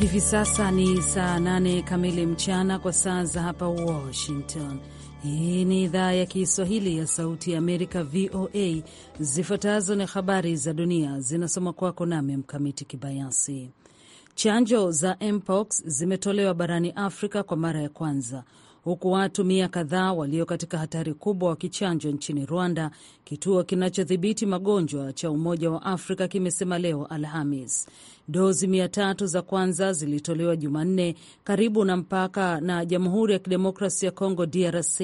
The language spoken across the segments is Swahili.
Hivi sasa ni saa nane kamili mchana kwa saa za hapa Washington. Hii ni idhaa ya Kiswahili ya Sauti ya Amerika, VOA. Zifuatazo ni habari za dunia, zinasoma kwako nami Mkamiti Kibayasi. Chanjo za mpox zimetolewa barani Afrika kwa mara ya kwanza huku watu mia kadhaa walio katika hatari kubwa wakichanjwa nchini Rwanda, kituo kinachodhibiti magonjwa cha Umoja wa Afrika kimesema leo Alhamis. Dozi mia tatu za kwanza zilitolewa Jumanne karibu na mpaka na Jamhuri ya Kidemokrasi ya Kongo, DRC.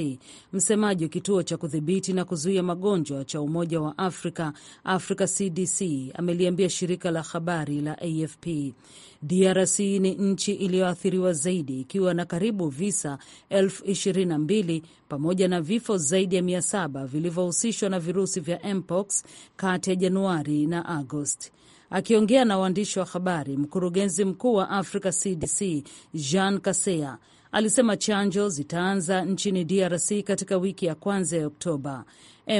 Msemaji wa kituo cha kudhibiti na kuzuia magonjwa cha Umoja wa Afrika, Africa CDC, ameliambia shirika la habari la AFP. DRC ni nchi iliyoathiriwa zaidi ikiwa na karibu visa elfu ishirini na mbili pamoja na vifo zaidi ya mia saba vilivyohusishwa na virusi vya mpox kati ya Januari na Agosti. Akiongea na waandishi wa habari, mkurugenzi mkuu wa Africa CDC Jean Kaseya alisema chanjo zitaanza nchini DRC katika wiki ya kwanza ya Oktoba.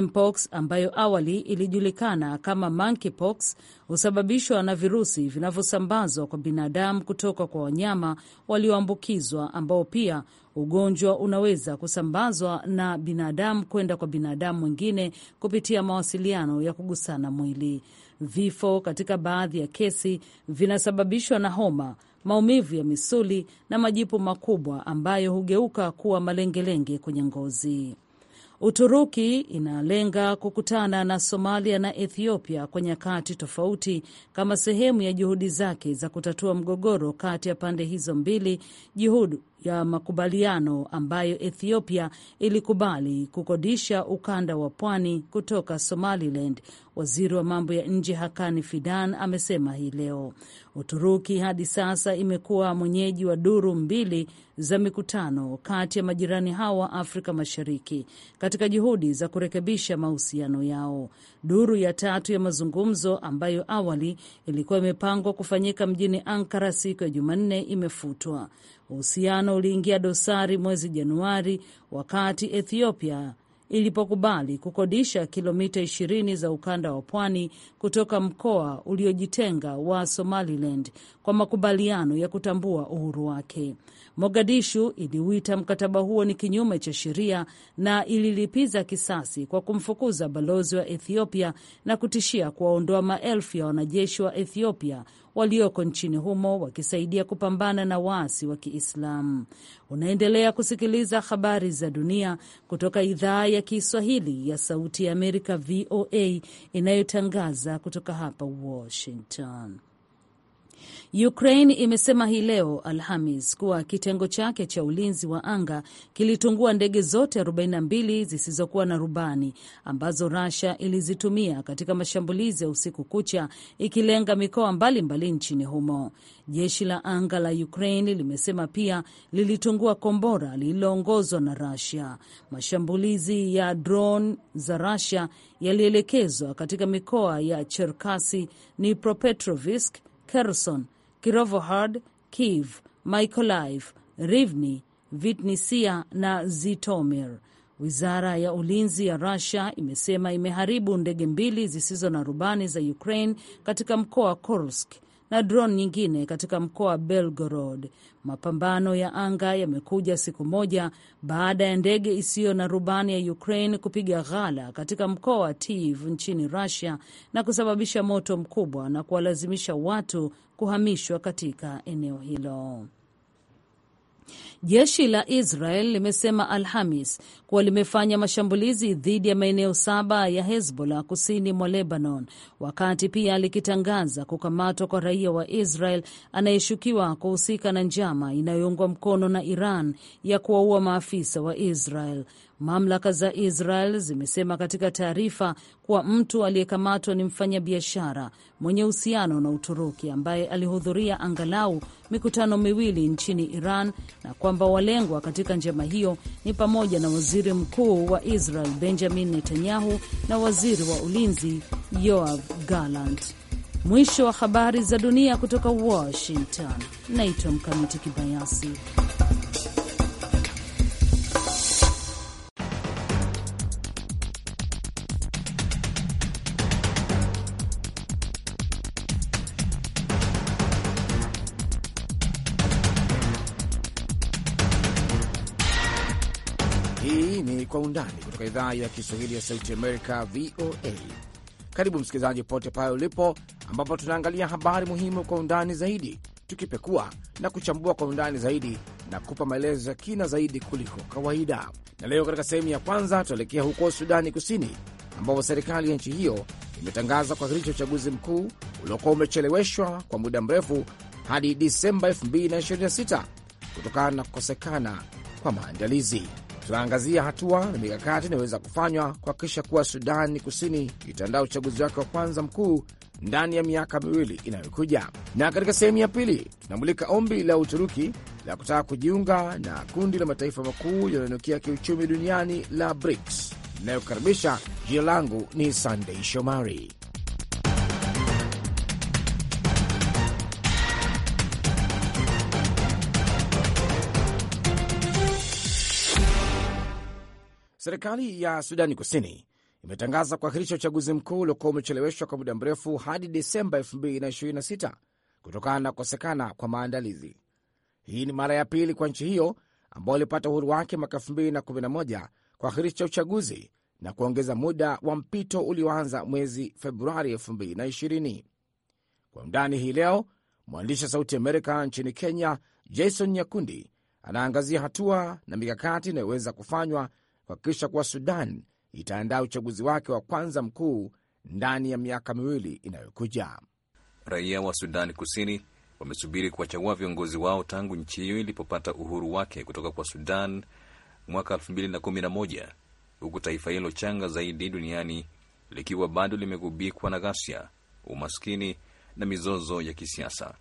Mpox ambayo awali ilijulikana kama monkeypox husababishwa na virusi vinavyosambazwa kwa binadamu kutoka kwa wanyama walioambukizwa, ambao pia ugonjwa unaweza kusambazwa na binadamu kwenda kwa binadamu mwingine kupitia mawasiliano ya kugusana mwili. Vifo katika baadhi ya kesi vinasababishwa na homa, maumivu ya misuli na majipu makubwa ambayo hugeuka kuwa malengelenge kwenye ngozi. Uturuki inalenga kukutana na Somalia na Ethiopia kwa nyakati tofauti kama sehemu ya juhudi zake za kutatua mgogoro kati ya pande hizo mbili, juhudi ya makubaliano ambayo Ethiopia ilikubali kukodisha ukanda wa pwani kutoka Somaliland. Waziri wa mambo ya nje Hakani Fidan amesema hii leo. Uturuki hadi sasa imekuwa mwenyeji wa duru mbili za mikutano kati ya majirani hao wa Afrika Mashariki katika juhudi za kurekebisha mahusiano yao. Duru ya tatu ya mazungumzo ambayo awali ilikuwa imepangwa kufanyika mjini Ankara siku ya Jumanne imefutwa. Uhusiano uliingia dosari mwezi Januari wakati Ethiopia ilipokubali kukodisha kilomita 20 za ukanda wa pwani kutoka mkoa uliojitenga wa Somaliland kwa makubaliano ya kutambua uhuru wake. Mogadishu iliwita mkataba huo ni kinyume cha sheria na ililipiza kisasi kwa kumfukuza balozi wa Ethiopia na kutishia kuwaondoa maelfu ya wanajeshi wa Ethiopia walioko nchini humo wakisaidia kupambana na waasi wa Kiislamu. Unaendelea kusikiliza habari za dunia kutoka idhaa ya Kiswahili ya Sauti ya Amerika, VOA, inayotangaza kutoka hapa Washington. Ukraine imesema hii leo Alhamis kuwa kitengo chake cha ulinzi wa anga kilitungua ndege zote 42 zisizokuwa na rubani ambazo Russia ilizitumia katika mashambulizi ya usiku kucha ikilenga mikoa mbalimbali nchini humo. Jeshi la anga la Ukraine limesema pia lilitungua kombora lililoongozwa na Russia. Mashambulizi ya drone za Russia yalielekezwa katika mikoa ya Cherkasy, Dnipropetrovsk, Kherson Kirovohrad, Kiev, Mykolaiv, Rivne, Vitnisia na Zitomir. Wizara ya ulinzi ya Rusia imesema imeharibu ndege mbili zisizo na rubani za Ukraine katika mkoa wa Kursk na drone nyingine katika mkoa wa Belgorod. Mapambano ya anga yamekuja siku moja baada ya ndege isiyo na rubani ya Ukraine kupiga ghala katika mkoa wa tv nchini Russia na kusababisha moto mkubwa na kuwalazimisha watu kuhamishwa katika eneo hilo. Jeshi la Israel limesema Alhamis kuwa limefanya mashambulizi dhidi ya maeneo saba ya Hezbollah kusini mwa Lebanon, wakati pia likitangaza kukamatwa kwa raia wa Israel anayeshukiwa kuhusika na njama inayoungwa mkono na Iran ya kuwaua maafisa wa Israel. Mamlaka za Israel zimesema katika taarifa kuwa mtu aliyekamatwa ni mfanyabiashara mwenye uhusiano na Uturuki ambaye alihudhuria angalau mikutano miwili nchini Iran na kwamba walengwa katika njama hiyo ni pamoja na waziri mkuu wa Israel Benjamin Netanyahu na waziri wa ulinzi Yoav Gallant. Mwisho wa habari za dunia kutoka Washington. Naitwa Mkamiti Kibayasi. kutoka idhaa ya Kiswahili ya Sauti Amerika, VOA. Karibu msikilizaji pote pale ulipo, ambapo tunaangalia habari muhimu kwa undani zaidi, tukipekua na kuchambua kwa undani zaidi na kupa maelezo ya kina zaidi kuliko kawaida. Na leo katika sehemu ya kwanza tunaelekea huko Sudani Kusini, ambapo serikali ya nchi hiyo imetangaza kuahirisha uchaguzi mkuu uliokuwa umecheleweshwa kwa muda mrefu hadi Disemba 2026 kutokana na kukosekana kwa maandalizi tunaangazia hatua na mikakati inayoweza kufanywa kuhakikisha kuwa sudan Kusini itaandaa uchaguzi wake wa kwanza mkuu ndani ya miaka miwili inayokuja. Na katika sehemu ya pili tunamulika ombi la Uturuki la kutaka kujiunga na kundi la mataifa makuu yanayoinukia kiuchumi duniani la BRICS inayokaribisha. Jina langu ni Sandei Shomari. Serikali ya Sudani Kusini imetangaza kuahirisha uchaguzi mkuu uliokuwa umecheleweshwa kwa muda mrefu hadi Desemba 2026 kutokana na kukosekana kwa maandalizi. Hii ni mara ya pili kwa nchi hiyo ambayo ilipata uhuru wake mwaka 2011 kuahirisha uchaguzi na kuongeza muda wa mpito ulioanza mwezi Februari 2020. Kwa undani hii leo, mwandishi wa Sauti Amerika nchini Kenya, Jason Nyakundi anaangazia hatua na mikakati inayoweza kufanywa kuhakikisha kuwa Sudan itaandaa uchaguzi wake wa kwanza mkuu ndani ya miaka miwili inayokuja. Raia wa Sudan Kusini wamesubiri kuwachagua viongozi wao tangu nchi hiyo ilipopata uhuru wake kutoka kwa Sudan mwaka 2011 huku taifa hilo changa zaidi duniani likiwa bado limegubikwa na ghasia, umaskini na mizozo ya kisiasa.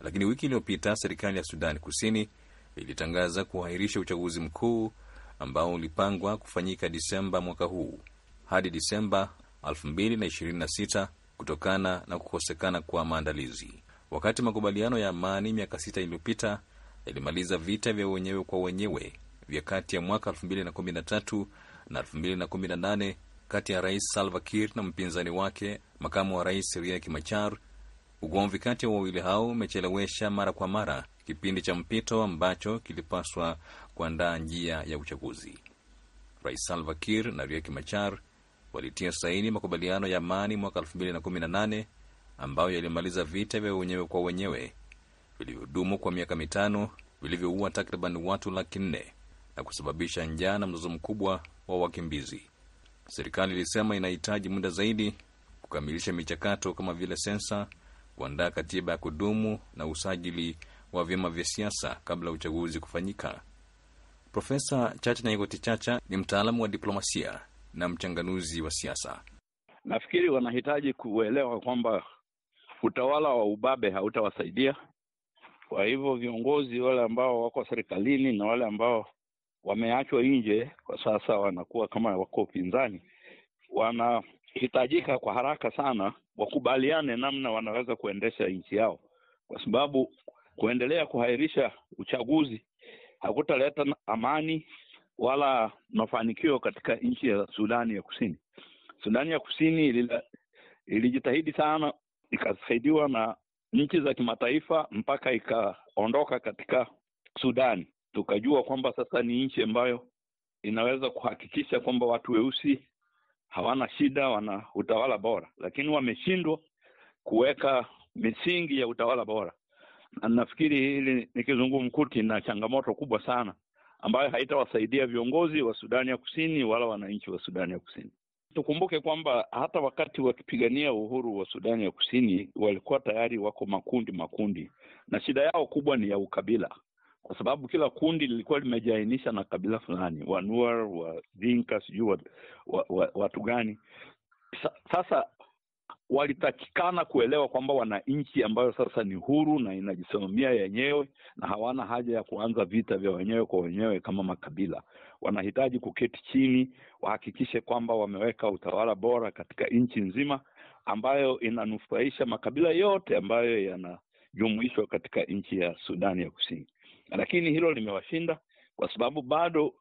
Lakini wiki iliyopita serikali ya Sudan Kusini ilitangaza kuahirisha uchaguzi mkuu ambao ulipangwa kufanyika Disemba mwaka huu hadi Disemba 2026 kutokana na kukosekana kwa maandalizi. Wakati makubaliano ya amani miaka sita iliyopita yalimaliza vita vya wenyewe kwa wenyewe vya kati ya mwaka 2013 na 2018 kati ya Rais Salva Kiir na mpinzani wake makamu wa rais Riek Machar. Ugomvi kati ya wawili hao umechelewesha mara kwa mara kipindi cha mpito ambacho kilipaswa kuandaa njia ya uchaguzi. Rais Salva Kiir na Riek Machar walitia saini makubaliano ya amani mwaka 2018 ambayo yalimaliza vita vya wenyewe kwa wenyewe vilivyodumu kwa miaka mitano vilivyoua takriban watu laki nne na kusababisha njaa na mzozo mkubwa wa wakimbizi. Serikali ilisema inahitaji muda zaidi kukamilisha michakato kama vile sensa, kuandaa katiba ya kudumu na usajili wa vyama vya siasa kabla ya uchaguzi kufanyika. Profesa Chacha Nyaigoti Chacha ni mtaalamu wa diplomasia na mchanganuzi wa siasa. Nafikiri wanahitaji kuelewa kwamba utawala wa ubabe hautawasaidia. Kwa hivyo viongozi wale ambao wako serikalini na wale ambao wameachwa nje kwa sasa wanakuwa kama wako upinzani, wanahitajika kwa haraka sana wakubaliane namna wanaweza kuendesha nchi yao, kwa sababu Kuendelea kuhairisha uchaguzi hakutaleta amani wala mafanikio katika nchi ya Sudani ya Kusini. Sudani ya Kusini ilijitahidi sana, ikasaidiwa na nchi za kimataifa mpaka ikaondoka katika Sudani. Tukajua kwamba sasa ni nchi ambayo inaweza kuhakikisha kwamba watu weusi hawana shida, wana utawala bora, lakini wameshindwa kuweka misingi ya utawala bora na nafikiri hili ni kizungumkuti na changamoto kubwa sana ambayo haitawasaidia viongozi wa Sudani ya Kusini wala wananchi wa Sudani ya Kusini. Tukumbuke kwamba hata wakati wakipigania uhuru wa Sudani ya Kusini walikuwa tayari wako makundi makundi, na shida yao kubwa ni ya ukabila, kwa sababu kila kundi lilikuwa limejainisha na kabila fulani, Wanuar, wazinka sijui wa, wa, wa, watu gani. Sasa walitakikana kuelewa kwamba wana nchi ambayo sasa ni huru na inajisimamia yenyewe na hawana haja ya kuanza vita vya wenyewe kwa wenyewe kama makabila. Wanahitaji kuketi chini, wahakikishe kwamba wameweka utawala bora katika nchi nzima ambayo inanufaisha makabila yote ambayo yanajumuishwa katika nchi ya Sudani ya Kusini. Lakini hilo limewashinda kwa sababu bado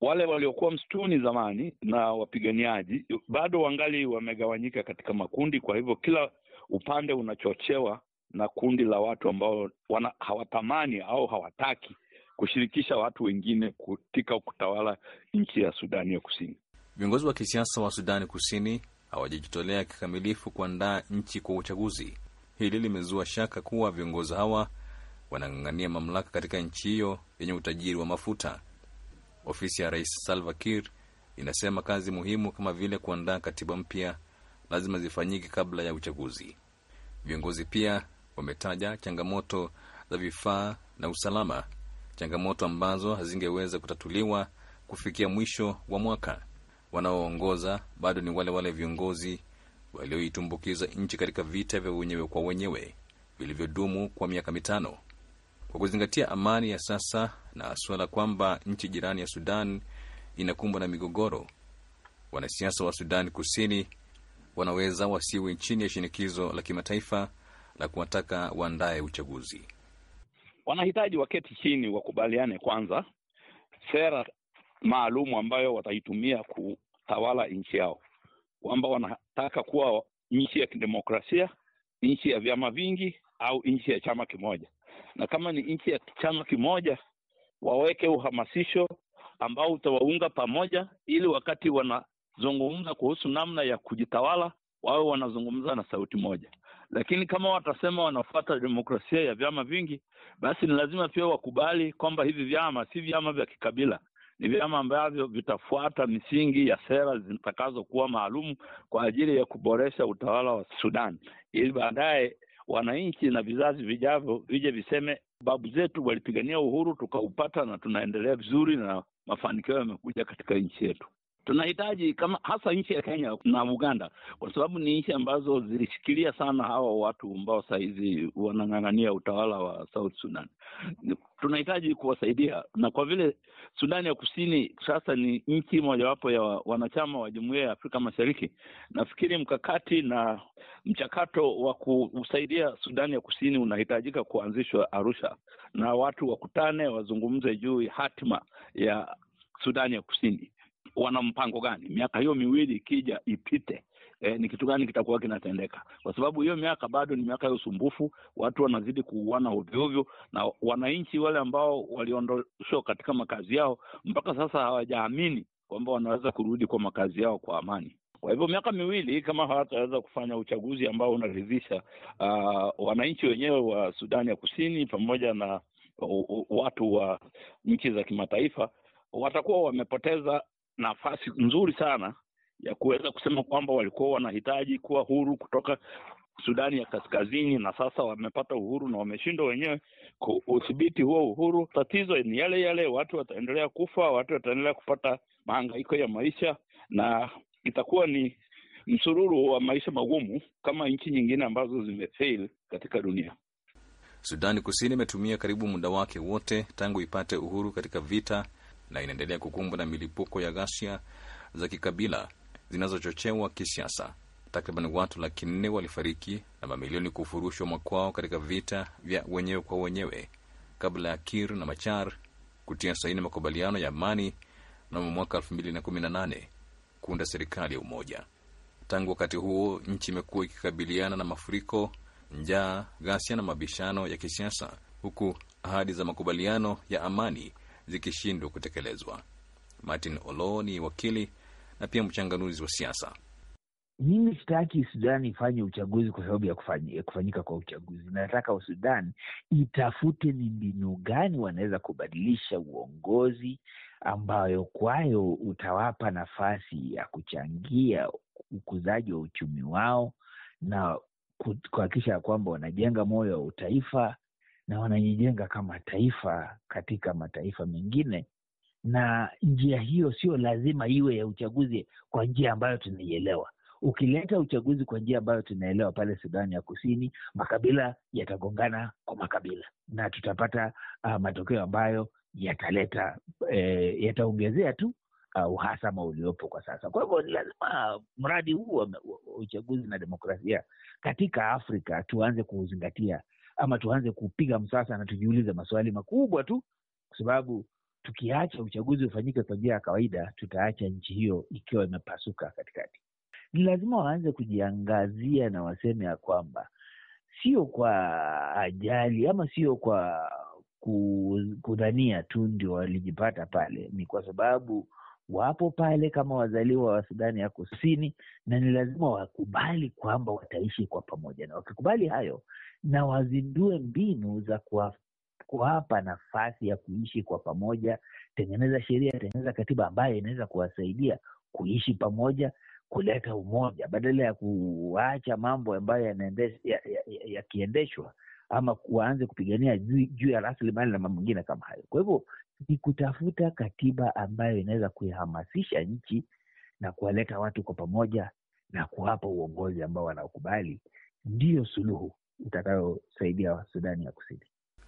wale waliokuwa msituni zamani na wapiganiaji bado wangali wamegawanyika katika makundi. Kwa hivyo kila upande unachochewa na kundi la watu ambao wana, hawatamani au hawataki kushirikisha watu wengine katika kutawala nchi ya Sudani ya Kusini. Viongozi wa kisiasa wa Sudani Kusini hawajajitolea kikamilifu kuandaa nchi kwa uchaguzi. Hili limezua shaka kuwa viongozi hawa wanang'ang'ania mamlaka katika nchi hiyo yenye utajiri wa mafuta. Ofisi ya Rais Salva Kiir inasema kazi muhimu kama vile kuandaa katiba mpya lazima zifanyike kabla ya uchaguzi. Viongozi pia wametaja changamoto za vifaa na usalama, changamoto ambazo hazingeweza kutatuliwa kufikia mwisho wa mwaka. Wanaoongoza bado ni wale wale viongozi walioitumbukiza nchi katika vita vya wenyewe kwa wenyewe vilivyodumu kwa miaka mitano. Kwa kuzingatia amani ya sasa na suala kwamba nchi jirani ya Sudan inakumbwa na migogoro, wanasiasa wa Sudan Kusini wanaweza wasiwe chini ya shinikizo la kimataifa la kuwataka waandaye uchaguzi. Wanahitaji waketi chini, wakubaliane kwanza sera maalumu ambayo wataitumia kutawala nchi yao, kwamba wanataka kuwa nchi ya kidemokrasia, nchi ya vyama vingi, au nchi ya chama kimoja na kama ni nchi ya chama kimoja waweke uhamasisho ambao utawaunga pamoja, ili wakati wanazungumza kuhusu namna ya kujitawala wawe wanazungumza na sauti moja. Lakini kama watasema wanafuata demokrasia ya vyama vingi, basi ni lazima pia wakubali kwamba hivi vyama si vyama vya kikabila, ni vyama ambavyo vitafuata misingi ya sera zitakazokuwa maalum kwa ajili ya kuboresha utawala wa Sudan, ili baadaye wananchi na vizazi vijavyo vije viseme babu zetu walipigania uhuru tukaupata, na tunaendelea vizuri na mafanikio yamekuja katika nchi yetu tunahitaji kama hasa nchi ya Kenya na Uganda, kwa sababu ni nchi ambazo zilishikilia sana hawa watu ambao sahizi wanang'ang'ania utawala wa South Sudan. Tunahitaji kuwasaidia, na kwa vile Sudani ya Kusini sasa ni nchi mojawapo ya wanachama wa Jumuiya ya Afrika Mashariki, nafikiri mkakati na mchakato wa kusaidia Sudani ya Kusini unahitajika kuanzishwa Arusha, na watu wakutane, wazungumze juu hatima ya Sudani ya Kusini wana mpango gani miaka hiyo miwili ikija ipite e, ni kitu gani kitakuwa kinatendeka kwa sababu hiyo miaka bado ni miaka ya usumbufu watu wanazidi kuuana ovyoovyo na wananchi wale ambao waliondoshwa katika makazi yao mpaka sasa hawajaamini kwamba wanaweza kurudi kwa makazi yao kwa amani kwa hivyo miaka miwili kama hawataweza kufanya uchaguzi ambao unaridhisha uh, wananchi wenyewe wa sudani ya kusini pamoja na uh, uh, watu wa nchi za kimataifa watakuwa wamepoteza nafasi nzuri sana ya kuweza kusema kwamba walikuwa wanahitaji kuwa huru kutoka Sudani ya Kaskazini, na sasa wamepata uhuru na wameshindwa wenyewe kuudhibiti huo uhuru. Tatizo ni yale yale, watu wataendelea kufa, watu wataendelea kupata mahangaiko ya maisha, na itakuwa ni msururu wa maisha magumu kama nchi nyingine ambazo zimefail katika dunia. Sudani Kusini imetumia karibu muda wake wote tangu ipate uhuru katika vita na inaendelea kukumbwa na milipuko ya ghasia za kikabila zinazochochewa kisiasa. Takriban watu laki nne walifariki na mamilioni kufurushwa makwao katika vita vya wenyewe kwa wenyewe kabla ya Kir na Machar kutia saini makubaliano ya amani mnamo mwaka 2018 kuunda serikali ya umoja. Tangu wakati huo, nchi imekuwa ikikabiliana na mafuriko, njaa, ghasia na mabishano ya kisiasa, huku ahadi za makubaliano ya amani zikishindwa kutekelezwa. Martin Olo ni wakili na pia mchanganuzi wa siasa. Mimi sitaki Sudan ifanye uchaguzi kwa sababu ya kufanyika, kufanyika kwa uchaguzi. Nataka Sudan itafute ni mbinu gani wanaweza kubadilisha uongozi ambayo kwayo utawapa nafasi ya kuchangia ukuzaji wa uchumi wao na kuhakikisha ya kwamba wanajenga moyo wa utaifa na wanajijenga kama taifa katika mataifa mengine, na njia hiyo sio lazima iwe ya uchaguzi kwa njia ambayo tunaielewa. Ukileta uchaguzi kwa njia ambayo tunaelewa pale Sudani ya Kusini, makabila yatagongana kwa makabila na tutapata uh, matokeo ambayo yataleta eh, yataongezea tu uh, uhasama uliopo kwa sasa. Kwa hivyo ni lazima mradi huu wa uchaguzi na demokrasia katika Afrika tuanze kuuzingatia ama tuanze kupiga msasa na tujiulize maswali makubwa tu, kwa sababu tukiacha uchaguzi ufanyike kwa njia ya kawaida, tutaacha nchi hiyo ikiwa imepasuka katikati. Ni lazima waanze kujiangazia na waseme ya kwamba sio kwa ajali ama sio kwa kudhania tu ndio walijipata pale, ni kwa sababu wapo pale kama wazaliwa wa Sudani ya Kusini, na ni lazima wakubali kwamba wataishi kwa pamoja, na wakikubali hayo na wazindue mbinu za kuwa, kuwapa nafasi ya kuishi kwa pamoja. Tengeneza sheria, tengeneza katiba ambayo inaweza kuwasaidia kuishi pamoja, kuleta umoja badala ya kuacha mambo ambayo yakiendeshwa ya, ya, ya ama waanze kupigania juu ya rasilimali na mambo mengine kama hayo. Kwa hivyo ni kutafuta katiba ambayo inaweza kuihamasisha nchi na kuwaleta watu kwa pamoja na kuwapa uongozi ambao wanaokubali, ndiyo suluhu itakayosaidia Sudani ya Kusini.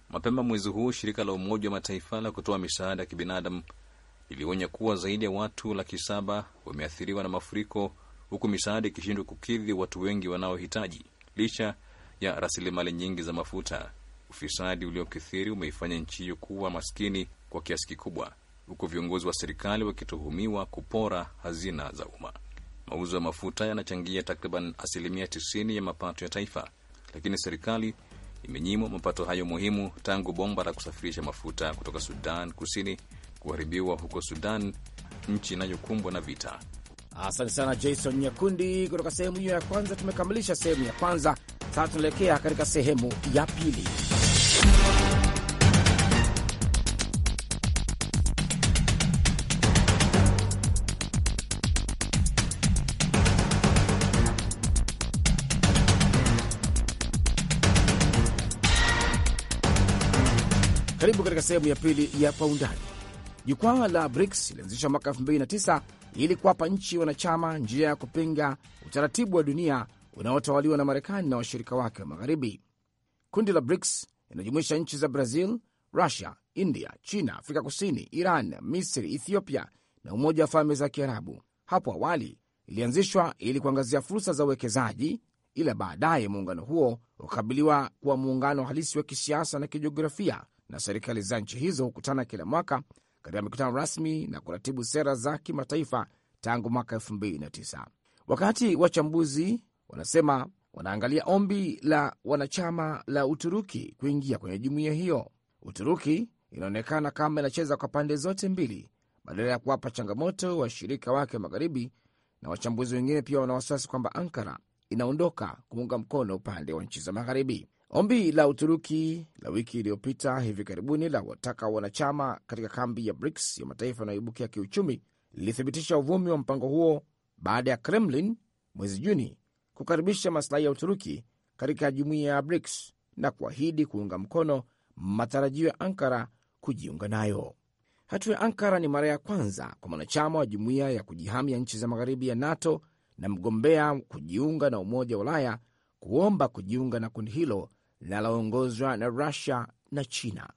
Mapema mwezi huu shirika la Umoja wa Mataifa la kutoa misaada ya kibinadamu lilionya kuwa zaidi ya watu laki saba wameathiriwa na mafuriko huku misaada ikishindwa kukidhi watu wengi wanaohitaji licha ya rasilimali nyingi za mafuta. Ufisadi uliokithiri umeifanya nchi hiyo kuwa maskini kwa kiasi kikubwa, huku viongozi wa serikali wakituhumiwa kupora hazina za umma. Mauzo ya mafuta yanachangia takriban asilimia 90 ya mapato ya taifa lakini serikali imenyimwa mapato hayo muhimu tangu bomba la kusafirisha mafuta kutoka Sudan Kusini kuharibiwa huko Sudan, nchi inayokumbwa na vita. Asante sana Jason Nyakundi kutoka sehemu hiyo ya kwanza. Tumekamilisha sehemu ya kwanza, sasa tunaelekea katika sehemu ya pili. Karibu katika sehemu ya pili ya kwa undani. Jukwaa la BRICS ilianzishwa mwaka 2009 ili kuwapa nchi wanachama njia ya kupinga utaratibu wa dunia unaotawaliwa na Marekani na washirika wake wa Magharibi. Kundi la BRICS linajumuisha nchi za Brazil, Rusia, India, China, Afrika Kusini, Iran, Misri, Ethiopia na Umoja wa Falme za Kiarabu. Hapo awali ilianzishwa ili kuangazia fursa za uwekezaji, ila baadaye muungano huo ukakabiliwa kuwa muungano halisi wa kisiasa na kijiografia na serikali za nchi hizo hukutana kila mwaka katika mikutano rasmi na kuratibu sera za kimataifa tangu mwaka 2009. Wakati wachambuzi wanasema wanaangalia ombi la wanachama la Uturuki kuingia kwenye jumuiya hiyo. Uturuki inaonekana kama inacheza kwa pande zote mbili badala ya kuwapa changamoto washirika wake wa Magharibi, na wachambuzi wengine pia wana wasiwasi kwamba Ankara inaondoka kuunga mkono upande wa nchi za Magharibi. Ombi la Uturuki la wiki iliyopita hivi karibuni la wataka wanachama katika kambi ya BRICS ya mataifa yanayoibukia kiuchumi lilithibitisha uvumi wa mpango huo baada ya Kremlin mwezi Juni kukaribisha masilahi ya Uturuki katika jumuiya ya BRICS na kuahidi kuunga mkono matarajio ya Ankara kujiunga nayo. Hatua ya Ankara ni mara ya kwanza kwa mwanachama wa jumuiya ya kujihami ya nchi za magharibi ya NATO na mgombea kujiunga na Umoja wa Ulaya kuomba kujiunga na kundi hilo linaloongozwa na Rusia na China.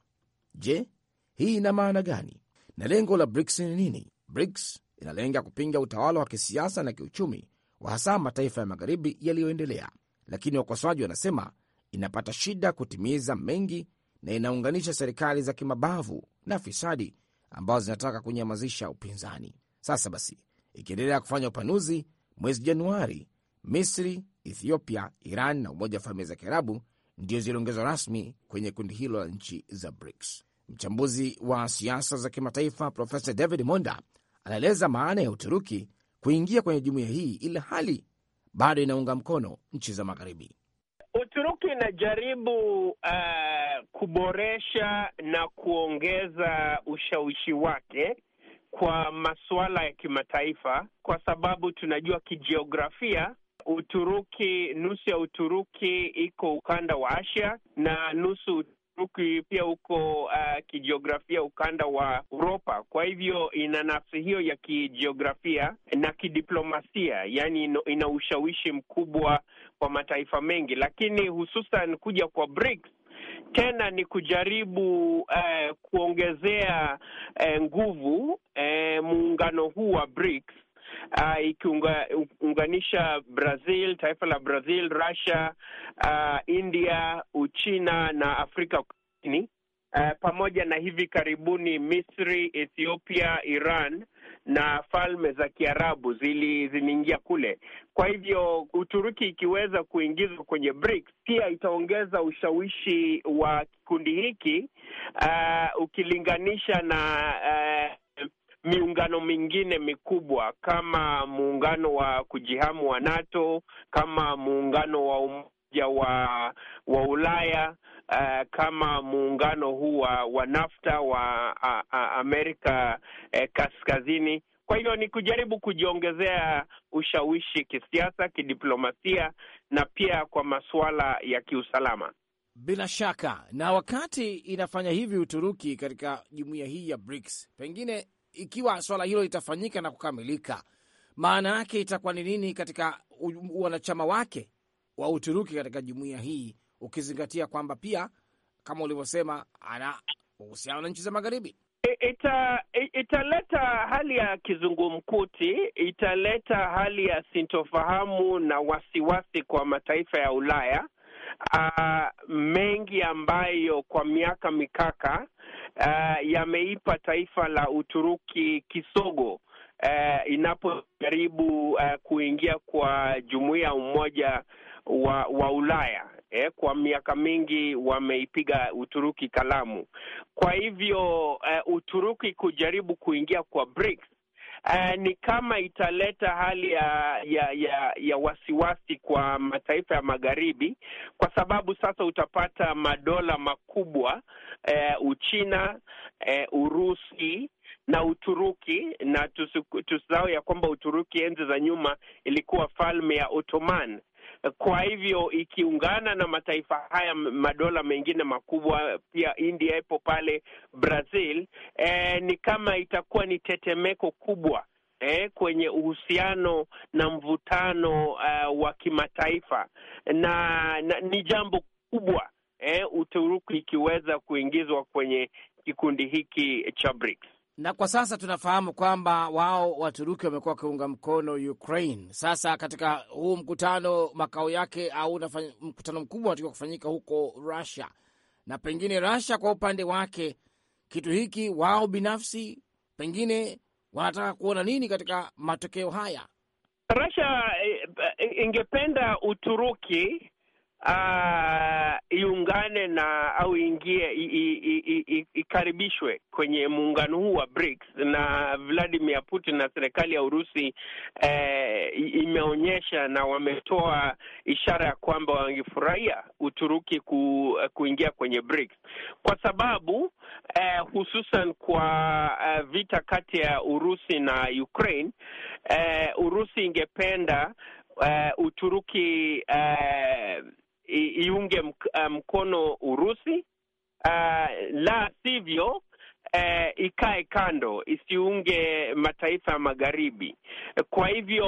Je, hii ina maana gani na lengo la BRICS ni nini? BRICS inalenga kupinga utawala wa kisiasa na kiuchumi wa hasa mataifa ya magharibi yaliyoendelea, lakini wakosoaji wanasema inapata shida kutimiza mengi na inaunganisha serikali za kimabavu na fisadi ambazo zinataka kunyamazisha upinzani. Sasa basi, ikiendelea kufanya upanuzi, mwezi Januari Misri, Ethiopia, Iran na Umoja wa Falme za Kiarabu ndio ziliongezwa rasmi kwenye kundi hilo la nchi za BRICS. Mchambuzi wa siasa za kimataifa Profesa David Monda anaeleza maana ya Uturuki kuingia kwenye jumuiya hii, ila hali bado inaunga mkono nchi za Magharibi. Uturuki inajaribu uh, kuboresha na kuongeza ushawishi wake kwa masuala ya kimataifa, kwa sababu tunajua kijiografia Uturuki, nusu ya Uturuki iko ukanda wa Asia na nusu Uturuki pia uko uh, kijiografia ukanda wa Uropa. Kwa hivyo ina nafsi hiyo ya kijiografia na kidiplomasia, yaani ina ushawishi mkubwa kwa mataifa mengi, lakini hususan kuja kwa BRICS tena ni kujaribu eh, kuongezea eh, nguvu eh, muungano huu wa BRICS uh, ah, ikiunganisha Brazil, taifa la Brazil, Russia, uh, India, Uchina na Afrika Kusini. Uh, pamoja na hivi karibuni Misri, Ethiopia, Iran na falme za Kiarabu ziliingia kule. Kwa hivyo Uturuki ikiweza kuingizwa kwenye BRICS, pia itaongeza ushawishi wa kikundi hiki uh, ukilinganisha na uh, miungano mingine mikubwa kama muungano wa kujihamu wa NATO, kama muungano wa Umoja wa wa Ulaya, uh, kama muungano huu wa NAFTA wa a, a, Amerika eh, Kaskazini. Kwa hiyo ni kujaribu kujiongezea ushawishi kisiasa, kidiplomasia na pia kwa masuala ya kiusalama. Bila shaka. Na wakati inafanya hivi Uturuki katika jumuiya hii ya BRICS, pengine ikiwa swala hilo litafanyika na kukamilika, maana yake itakuwa ni nini katika wanachama wake wa Uturuki katika jumuiya hii, ukizingatia kwamba pia kama ulivyosema ana uhusiano na nchi za magharibi. Ita, italeta hali ya kizungumkuti, italeta hali ya sintofahamu na wasiwasi kwa mataifa ya Ulaya. Uh, mengi ambayo kwa miaka mikaka uh, yameipa taifa la Uturuki kisogo uh, inapojaribu uh, kuingia kwa jumuiya Umoja wa, wa Ulaya. Eh, kwa miaka mingi wameipiga Uturuki kalamu. Kwa hivyo uh, Uturuki kujaribu kuingia kwa BRICS eh, ni kama italeta hali ya ya ya, ya wasiwasi kwa mataifa ya magharibi, kwa sababu sasa utapata madola makubwa eh, Uchina eh, Urusi na Uturuki na tusisahau ya kwamba Uturuki enzi za nyuma ilikuwa falme ya Ottoman kwa hivyo ikiungana na mataifa haya madola mengine makubwa, pia India ipo pale, Brazil, eh, ni kama itakuwa ni tetemeko kubwa eh, kwenye uhusiano na mvutano uh, wa kimataifa na, na ni jambo kubwa eh, Uturuki ikiweza kuingizwa kwenye kikundi hiki cha BRICS na kwa sasa tunafahamu kwamba wao Waturuki wamekuwa wakiunga mkono Ukraine. Sasa katika huu mkutano makao yake au mkutano mkubwa unatakiwa kufanyika huko Russia, na pengine Russia kwa upande wake kitu hiki wao binafsi pengine wanataka kuona nini katika matokeo haya? Russia eh, eh, ingependa Uturuki uh, iungane na au ingie ikaribishwe kwenye muungano huu wa BRICS, na Vladimir Putin na serikali ya Urusi eh, imeonyesha na wametoa ishara ya kwamba wangefurahia Uturuki ku, kuingia kwenye BRICS kwa sababu eh, hususan kwa eh, vita kati ya Urusi na Ukraine eh, Urusi ingependa Uh, Uturuki eh, iunge eh, mkono Urusi, uh, la sivyo Eh, ikae kando isiunge mataifa ya magharibi. Kwa hivyo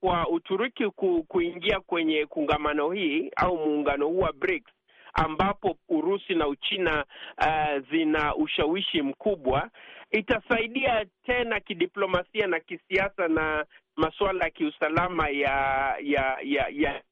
kwa Uturuki ku, kuingia kwenye kungamano hii au muungano huu wa BRICS ambapo Urusi na Uchina uh, zina ushawishi mkubwa itasaidia tena kidiplomasia na kisiasa na masuala ya kiusalama ya ya ya ya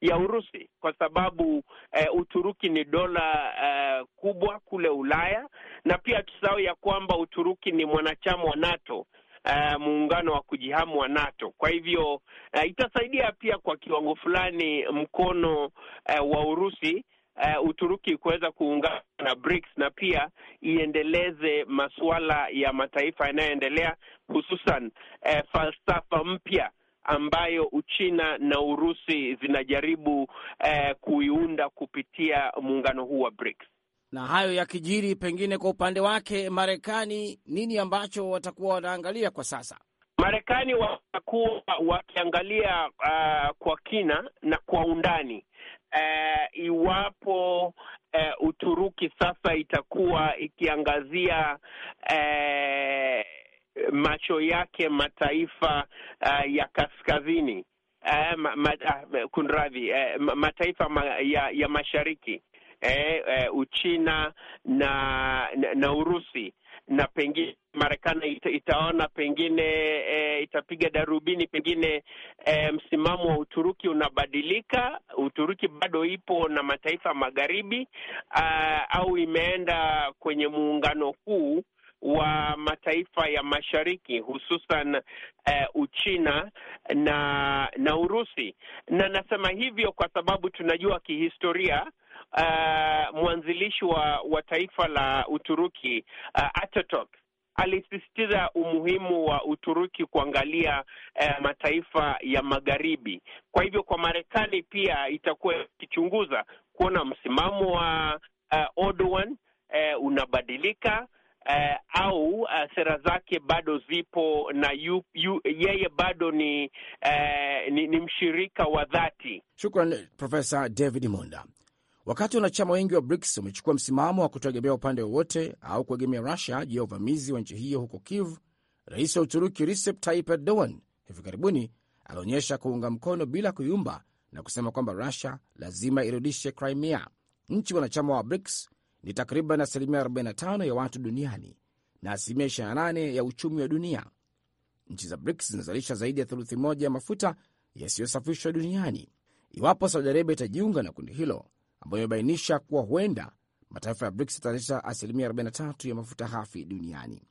ya Urusi kwa sababu eh, Uturuki ni dola eh, kubwa kule Ulaya, na pia tusahau ya kwamba Uturuki ni mwanachama wa NATO. eh, muungano wa kujihamu wa NATO. Kwa hivyo eh, itasaidia pia kwa kiwango fulani mkono eh, wa Urusi uh, Uturuki kuweza kuungana na BRICS na pia iendeleze masuala ya mataifa yanayoendelea hususan uh, falsafa mpya ambayo Uchina na Urusi zinajaribu uh, kuiunda kupitia muungano huu wa BRICS. Na hayo yakijiri, pengine kwa upande wake Marekani, nini ambacho watakuwa wanaangalia kwa sasa? Marekani watakuwa wakiangalia uh, kwa kina na kwa undani eh, iwapo eh, Uturuki sasa itakuwa ikiangazia eh, macho yake mataifa eh, ya kaskazini eh, ma, ma, ah, kunradhi eh, mataifa ma, ya, ya mashariki eh, eh, Uchina na, na, na Urusi na pengine Marekani ita, itaona pengine e, itapiga darubini pengine e, msimamo wa Uturuki unabadilika. Uturuki bado ipo na mataifa magharibi ah, au imeenda kwenye muungano huu wa mataifa ya mashariki hususan uh, Uchina na na Urusi, na nasema hivyo kwa sababu tunajua kihistoria uh, mwanzilishi wa, wa taifa la Uturuki uh, Ataturk alisisitiza umuhimu wa Uturuki kuangalia eh, mataifa ya magharibi. Kwa hivyo kwa Marekani pia itakuwa ikichunguza kuona msimamo wa uh, Erdogan eh, unabadilika eh, au uh, sera zake bado zipo na yu, yu, yeye bado ni, eh, ni, ni mshirika wa dhati. Shukran Profesa David Monda. Wakati wanachama wengi wa BRICS wamechukua msimamo wa kutoegemea upande wowote au kuegemea Rusia juu ya uvamizi wa nchi hiyo huko Kiev, rais wa Uturuki Recep Tayyip Erdogan hivi karibuni alionyesha kuunga mkono bila kuyumba na kusema kwamba Rusia lazima irudishe Crimea. Nchi wanachama wa BRICS ni takriban asilimia 45 ya watu duniani na asilimia 28 ya uchumi wa dunia. Nchi za BRICS zinazalisha zaidi ya theluthi moja ya mafuta yasiyosafishwa duniani. Iwapo Saudi Arabia itajiunga na kundi hilo, ambayo imebainisha kuwa huenda mataifa ya BRICS yataleta asilimia 43 ya mafuta hafi duniani.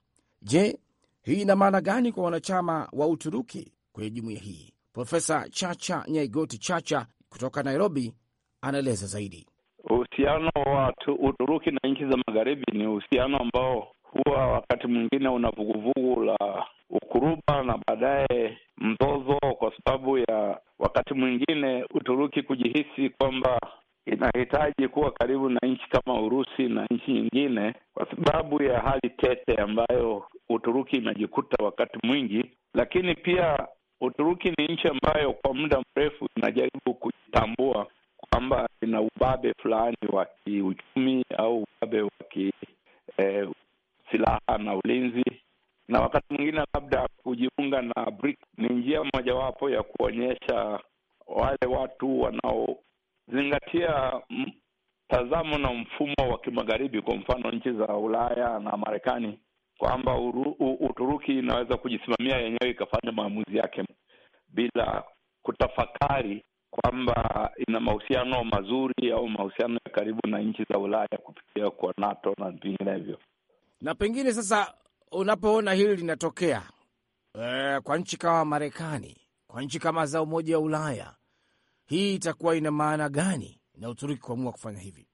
Je, hii ina maana gani kwa wanachama wa Uturuki kwenye jumuiya hii? Profesa Chacha Nyaigoti Chacha kutoka Nairobi anaeleza zaidi. Uhusiano wa Uturuki na nchi za magharibi ni uhusiano ambao huwa wakati mwingine una vuguvugu la ukuruba na baadaye mzozo, kwa sababu ya wakati mwingine Uturuki kujihisi kwamba inahitaji kuwa karibu na nchi kama Urusi na nchi nyingine, kwa sababu ya hali tete ambayo Uturuki inajikuta wakati mwingi. Lakini pia Uturuki ni nchi ambayo kwa muda mrefu inajaribu kujitambua kwamba ina ubabe fulani wa kiuchumi au ubabe wa kisilaha eh, na ulinzi, na wakati mwingine labda kujiunga na BRICS ni njia mojawapo ya kuonyesha wale watu wanao zingatia mtazamo na mfumo wa kimagharibi, kwa mfano nchi za Ulaya na Marekani, kwamba Uturuki inaweza kujisimamia yenyewe ikafanya maamuzi yake bila kutafakari kwamba ina mahusiano mazuri au mahusiano ya karibu na nchi za Ulaya kupitia kwa NATO na vinginevyo. Na pengine sasa, unapoona hili linatokea e, kwa nchi kama Marekani, kwa nchi kama za Umoja wa Ulaya hii itakuwa ina maana gani na Uturuki kuamua kufanya hivi?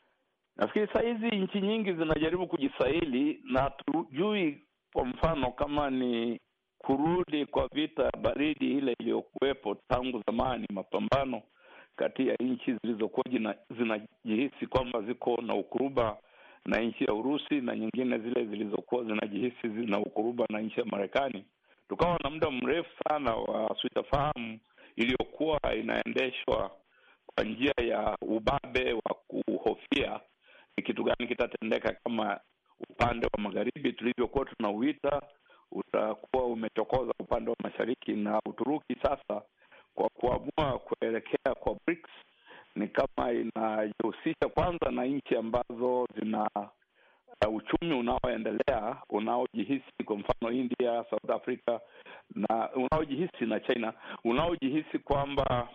Nafikiri saa hizi nchi nyingi zinajaribu kujisahili, na hatujui kwa mfano kama ni kurudi kwa vita ya baridi ile iliyokuwepo tangu zamani, mapambano kati ya nchi zilizokuwa zinajihisi kwamba ziko na ukuruba na nchi ya Urusi na nyingine zile zilizokuwa zinajihisi zina ukuruba na nchi ya Marekani. Tukawa na muda mrefu sana wa sitafahamu iliyokuwa inaendeshwa kwa njia ya ubabe wa kuhofia ni kitu gani kitatendeka kama upande wa magharibi tulivyokuwa tunauita utakuwa umechokoza upande wa mashariki. Na Uturuki sasa kwa kuamua kuelekea kwa BRICS, ni kama inajihusisha kwanza na nchi ambazo zina Eh, uchumi unaoendelea unaojihisi, kwa mfano India, South Africa na unaojihisi na China, unaojihisi kwamba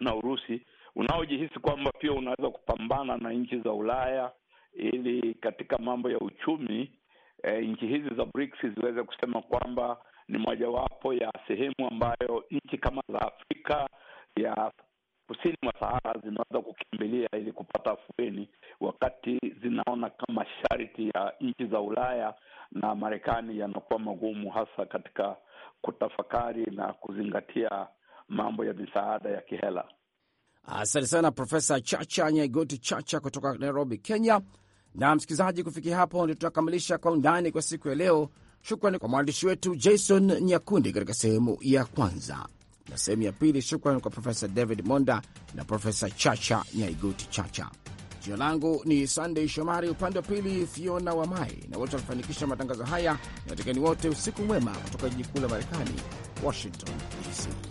na Urusi, unaojihisi kwamba pia unaweza kupambana na nchi za Ulaya ili katika mambo ya uchumi e, nchi hizi za BRICS ziweze kusema kwamba ni mojawapo ya sehemu ambayo nchi kama za Afrika ya kusini mwa Sahara zinaweza kukimbilia ili kupata afueni, wakati zinaona kama sharti ya nchi za Ulaya na Marekani yanakuwa magumu, hasa katika kutafakari na kuzingatia mambo ya misaada ya kihela. Asante sana Profesa Chacha Nyaigoti Chacha kutoka Nairobi, Kenya. Na msikilizaji, kufikia hapo ndio tunakamilisha Kwa Undani kwa siku ya leo. Shukrani kwa mwandishi wetu Jason Nyakundi katika sehemu ya kwanza na sehemu ya pili, shukran kwa Profesa David Monda na Profesa Chacha Nyaigoti Chacha. Jina langu ni Sandey Shomari, upande wa pili Fiona wa Mai na wote walifanikisha matangazo haya na wote, usiku mwema kutoka jiji kuu la Marekani, Washington DC.